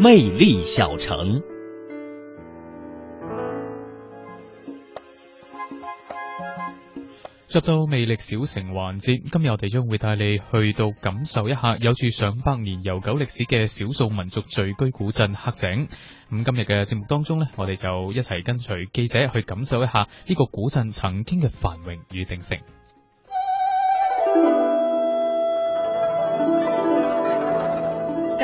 魅力小城，入到魅力小城環節，今日我哋將會帶你去到感受一下有住上百年悠久歷史嘅少數民族聚居古鎮黑井。咁、嗯、今日嘅節目當中呢，我哋就一齊跟隨記者去感受一下呢個古鎮曾經嘅繁榮與鼎盛。